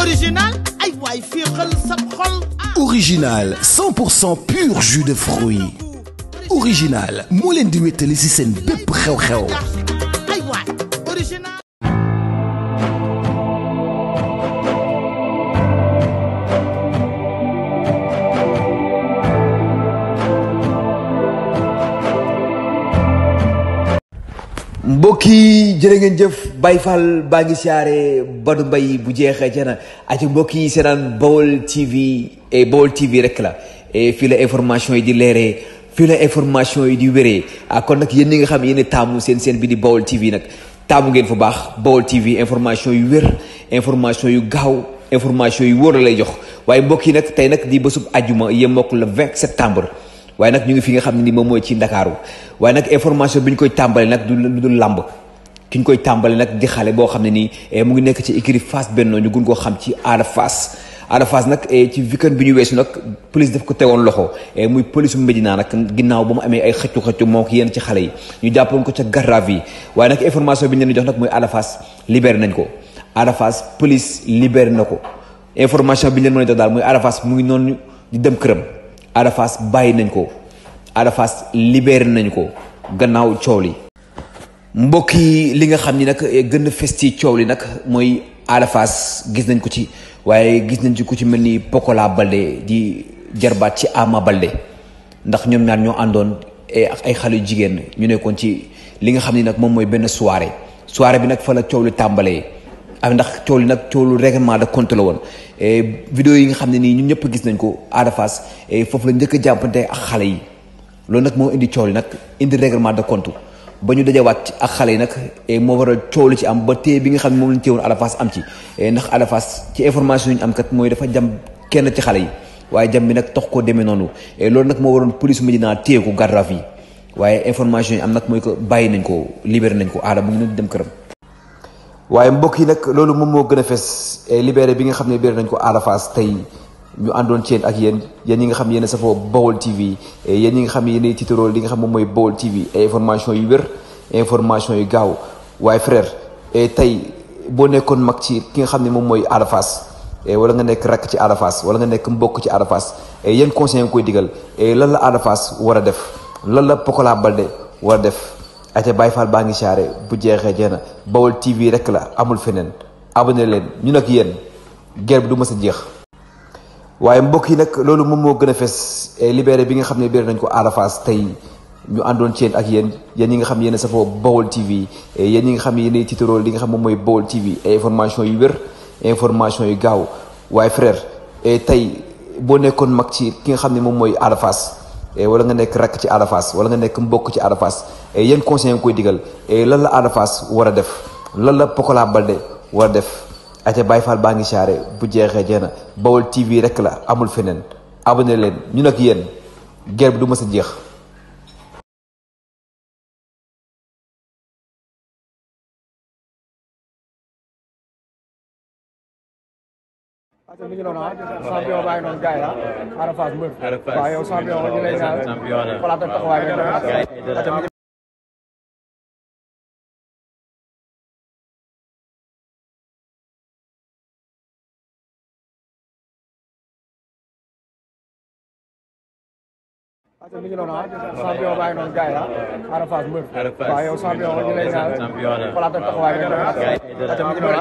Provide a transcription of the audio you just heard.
original ay waay fii pur jus de fruits original moo leen di wéttali ci seen bépp mbokk yi jërë ngeen jëf Baye Fall baa ngi siyaare Badou Mbaye bu jeexee jana aca mbokk yi seetaan Baol TV et Baol TV rek la e, fii la information yi di leeree fii la information yi di wéree ak kon nag yéen ñi nga xam yéen taamu seen seen bi di Baol TV nag taamu ngeen fa baax Baol TV information yu wér information yu gaaw information yu wóor la lay jox waaye mbokk yi nag tey nag di bésub ajuma yem mbokk le 20 septembre waaye nag ñu ngi fi nga xam ne ni moom mooy ci ndakaaru waaye nag information bi ñu koy tàmbale nag du du lamb ki ñu koy tàmbale nag di xale boo xam ne nii eh, mu ngi nekk ci écurie Fass Benno ñu gun koo xam ci Ada Fass Ada nag eh, ci weekend bi ñu wees nag police daf ko tegoon loxo eh, muy police bu naa nag ginnaaw ba mu amee ay xëccu xëccu moo ko yéen ci xale yi ñu jàppoon ko ca garab yi waaye nag information bi ñu leen jox nag muy Ada Fass nañ ko Ada Fass police libéré na ko information bi ñu leen mën a jox daal mu ngi noonu di dem këram Ada bàyyi nañ ko Ada Fass libéré nañ ko gannaaw coow li mbokk yi li nga xam ni nag eh, gën a fes ci coow li nag mooy Ada gis nañ ko ci waaye gis nañ ci ku ci mel ni Pokola Balde di jarbaat ci Ama Balde ndax ñoom ñaar ñoo àndoon eh, ak ay xale yu jigéen ñu nekkoon ci li nga xam ni nag moom mooy benn soirée soirée bi nag fa la coow li tàmbalee. am ndax coow li nag coolu règlement de compte la woon e, vidéo yi nga xam ne nii ñun ñëpp gis nañ ko Ada Fass e, foofu la njëkk a jàmpante ak xale yi loolu nag moo indi coow li nag indi règlement de compte ba ñu dajawaat ak xale yi nag e, moo waral coow li ci am ba téye bi xam ne moom lañ téye woon Ada Fass am ci ndax Ada Fass ci information yi ñu mooy dafa jam kenn ci xale yi waaye jam bi nag tax koo demee noonu loolu nag moo waroon police Médina téye ko garde à vue yi waaye information yi am nag mooy ko bàyyi nañ ko libéré nañ ko aada mu ngi leen dem këram. waaye mbokk yi nag loolu moom moo gën a fes eh, libéré bi nga xam ne libéré nañ ko Ada Fass tey ñu àndoon ci ak yéen yéen ñi nga xam yéen a safoo Baol TV eh, yéen ñi nga xam yéen ay tiitaroo li nga xam moom mooy Baol TV information yu wér information yu gaaw waaye frère eh, tey boo nekkoon mag ci ki nga xam ne moom mooy Ada Fass wala nga nekk rakk ci Ada Fass wala nga nekk mbokk ci Ada Fass yan conseil nga koy digal lan la Ada war a def lan la Pokola Baldé war a def ate Baye Fall baa ngi saare bu jeexee jeex na Baol TV rek la amul feneen abonné leen ñu nag yéen guerre bi du ma a jeex waaye mbokk yi nag loolu moom moo gën a fees libéré bi nga xam ne biir nañ ko Ada tey ñu àndoon ci ak yéen yéen ñi nga xam yéen a safoo Baol TV yéen ñi nga xam yéen ay tiitaroo li nga xam moom mooy Baol TV information yu wér information yu gaaw waaye frère tey boo nekkoon mag ci ki nga xam ne moom mooy Ada Eh, wala nga nekk rakk ci Ada Fass wala nga nekk mbokk ci Ada Fass eh, yéen conseil nga koy digal eh, lan la Ada war a def lan la Pokola Baldé war a def ate bay Fall baa ngi saare bu jeexee jeex na Baol TV rek la amul feneen abonné leen ñu nag yéen guerre bi du mës a jeex waaw mi ngi noonu ah champion baa ngi noonu gars yi ah Ada Fass mbër. waaw yow champion la ñu lay ñaan xalaat ak taxawaay nga def waaw mi ngi noonu ah champion baa ngi noonu gars yi ah Ada Fass mbër. waaw yow champion la ñu lay ñaan xalaat ak taxawaay nga def